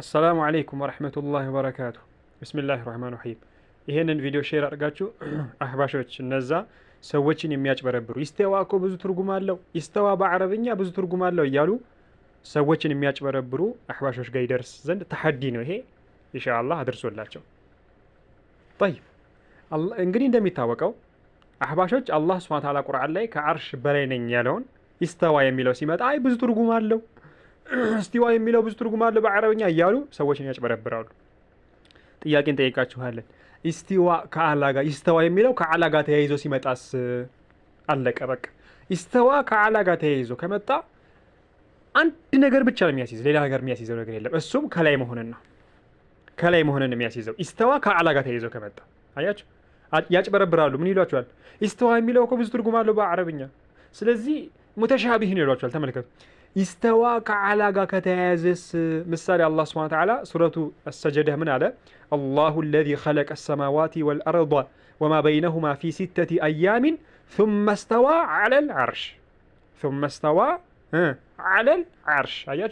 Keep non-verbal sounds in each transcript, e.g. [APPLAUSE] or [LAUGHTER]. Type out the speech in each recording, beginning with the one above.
አሰላሙ አለይኩም ወረህመቱላህ ወበረካቱ። ብስሚላህ ራህማን ራሂም። ይህንን ቪዲዮ ሼር አድርጋችሁ [CLEARS THROAT] አህባሾች፣ እነዛ ሰዎችን የሚያጭበረብሩ ኢስተዋ እኮ ብዙ ትርጉም አለው፣ ኢስተዋ በአረብኛ ብዙ ትርጉም አለው እያሉ ሰዎችን የሚያጭበረብሩ አህባሾች ጋር ይደርስ ዘንድ ተሐዲ ነው ይሄ። አላህ አድርሶላቸው። ጠይብ እንግዲህ እንደሚታወቀው አህባሾች አላህ ሱብሓነሁ ወተዓላ ቁርአን ላይ ከአርሽ በላይ ነኝ ያለውን ኢስተዋ የሚለው ሲመጣ አይ ብዙ ትርጉም አለው እስቲዋ የሚለው ብዙ ትርጉም አለ በአረበኛ እያሉ ሰዎችን ያጭበረብራሉ። ጥያቄ እንጠይቃችኋለን። ኢስቲዋ ከአላ ጋር ኢስተዋ የሚለው ከአላ ጋር ተያይዞ ሲመጣስ? አለቀ በቃ። ኢስተዋ ከአላ ጋር ተያይዞ ከመጣ አንድ ነገር ብቻ ነው የሚያስይዝ፣ ሌላ ነገር የሚያስይዘው ነገር የለም። እሱም ከላይ መሆንን ነው። ከላይ መሆንን የሚያስይዘው ኢስተዋ ከአላ ጋር ተያይዞ ከመጣ አያችሁ፣ ያጭበረብራሉ። ምን ይሏቸዋል? ኢስተዋ የሚለው እኮ ብዙ ትርጉም አለው በአረብኛ። ስለዚህ ሙተሻቢህ ነው ይሏቸዋል። ተመልከቱ استواك على كتازس مثال الله سبحانه وتعالى سورة السجدة من على الله الذي خلق السماوات والأرض وما بينهما في ستة أيام ثم استوى على العرش ثم استوى على العرش أيش أيوة.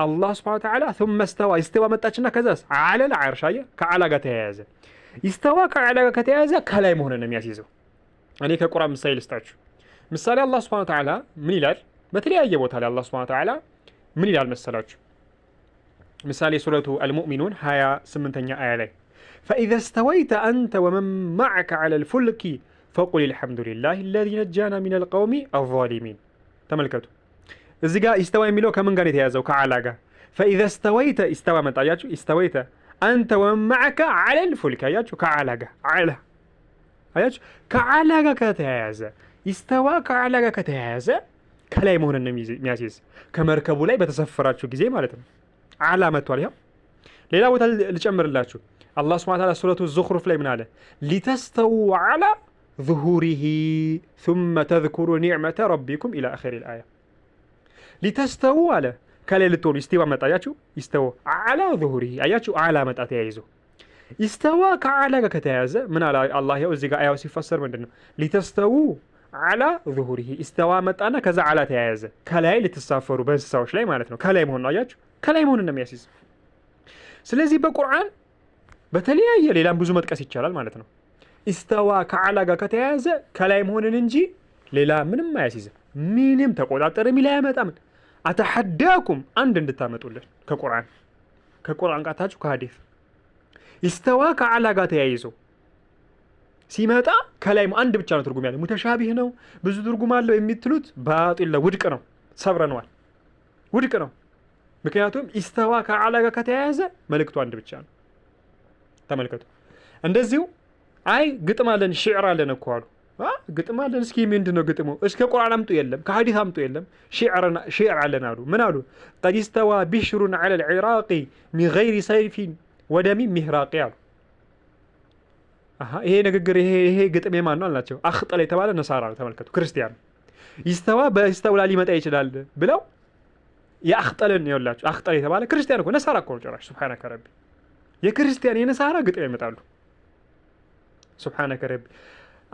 الله سبحانه وتعالى ثم استوى استوى متاجنا كذا على العرش أي كعلى كتازة استوى كعلى كتازة كلامه هنا نمي عزيزه أنا كقرآن مثال استعجب مثال الله سبحانه وتعالى من الله مثلي أي بوتال الله سبحانه وتعالى من يلال مسلاج مثالي سورة المؤمنون هيا سمنتني آيالي فإذا استويت أنت ومن معك على الفلك فقل الحمد لله الذي نجانا من القوم الظالمين تملكت إذا استوى ميلو كمن غاني تيازو كعلاقة فإذا استويت استوى من تعياتو استويت أنت ومن معك على الفلك ياتو كعلاقة على ياتو كعلاقة كتيازة استوى كعلاقة كتيازة كلام كلاي مهنا نمياسيس كمركبو لاي بتسفرات شو كزي مالتهم علامة واليا ليلا وتل لشمر الله شو الله سبحانه وتعالى سورة الزخرف لي من لتستووا على ظهوره ثم تذكروا نعمة ربكم إلى آخر الآية لتستو على كلا لتون استوى مت أياتشو استوى على ظهوره أياتشو على مت أتيازو استوى كعلى كتيازة من على الله يوزيك أياو سيفسر من دنو لتستووا አላ ዙሁሪሂ ኢስተዋ መጣና ከዛ አላ ተያያዘ። ከላይ ልትሳፈሩ በእንስሳዎች ላይ ማለት ነው። ከላይ መሆን ነው። አያችሁ፣ ከላይ መሆን እንደሚያስይዝ ስለዚህ በቁርአን በተለያየ ሌላም ብዙ መጥቀስ ይቻላል ማለት ነው። ኢስተዋ ከአላ ጋር ከተያያዘ ከላይ መሆንን እንጂ ሌላ ምንም አያስይዝም። ምንም ተቆጣጠር የሚል አያመጣም። አተሐዳኩም አንድ እንድታመጡልን ከቁርአን ከቁርአን ቃታችሁ ከሀዲፍ ኢስተዋ ከአላ ጋር ተያይዞ ሲመጣ ከላይም አንድ ብቻ ነው ትርጉም ያለው። ሙተሻቢህ ነው ብዙ ትርጉም አለው የሚትሉት ባጢል ውድቅ ነው፣ ሰብረነዋል፣ ውድቅ ነው። ምክንያቱም ኢስተዋ ከአላ ጋር ከተያያዘ መልእክቱ አንድ ብቻ ነው። ተመልከቱ። እንደዚሁ አይ ግጥም አለን ሽዕር አለን እኮ አሉ። ግጥም አለን እስኪ ምንድ ነው ግጥሙ? እስከ ቁርአን አምጡ የለም፣ ከሀዲት አምጡ የለም። ሽዕር አለን አሉ። ምን አሉ? ቀድ ስተዋ ቢሽሩን ዐለል ዒራቂ ሚን ሰይፊን ወደሚ ምህራቂ አሉ። ይሄ ንግግር ይሄ ግጥሜ ማን ነው አላቸው አክጠል የተባለ ነሳራ ነው። ተመልከቱ ክርስቲያን ይስተዋ በስተውላ ሊመጣ ይችላል ብለው የአክጠልን ይውላቸው። አክጠል የተባለ ክርስቲያን እኮ ነሳራ እኮ ነው ጭራሽ። ሱብሓነከ ረቢ የክርስቲያን የነሳራ ግጥም ይመጣሉ። ሱብሓነከ ረቢ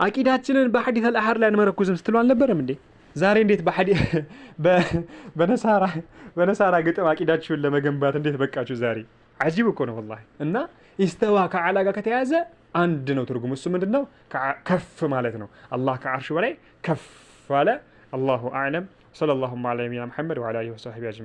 አቂዳችንን በሐዲት አልአህር ላይ አንመረኩዝም ስትሉ አልነበረም እንዴ? ዛሬ እንዴት በነሳራ ግጥም አቂዳችሁን ለመገንባት እንዴት በቃችሁ ዛሬ? አጂብ እኮ ነው ወላሂ። እና ኢስተዋ ከአላ ጋር ከተያዘ አንድ ነው ትርጉም። እሱ ምንድን ነው? ከፍ ማለት ነው። አላህ ከአርሽ በላይ ከፍ አለ። አላሁ አዕለም። ሰለላሁ ዐላ ነቢይና ሙሐመድ ወዐላ አሊሂ ወሰሕቢሂ አጅመዒን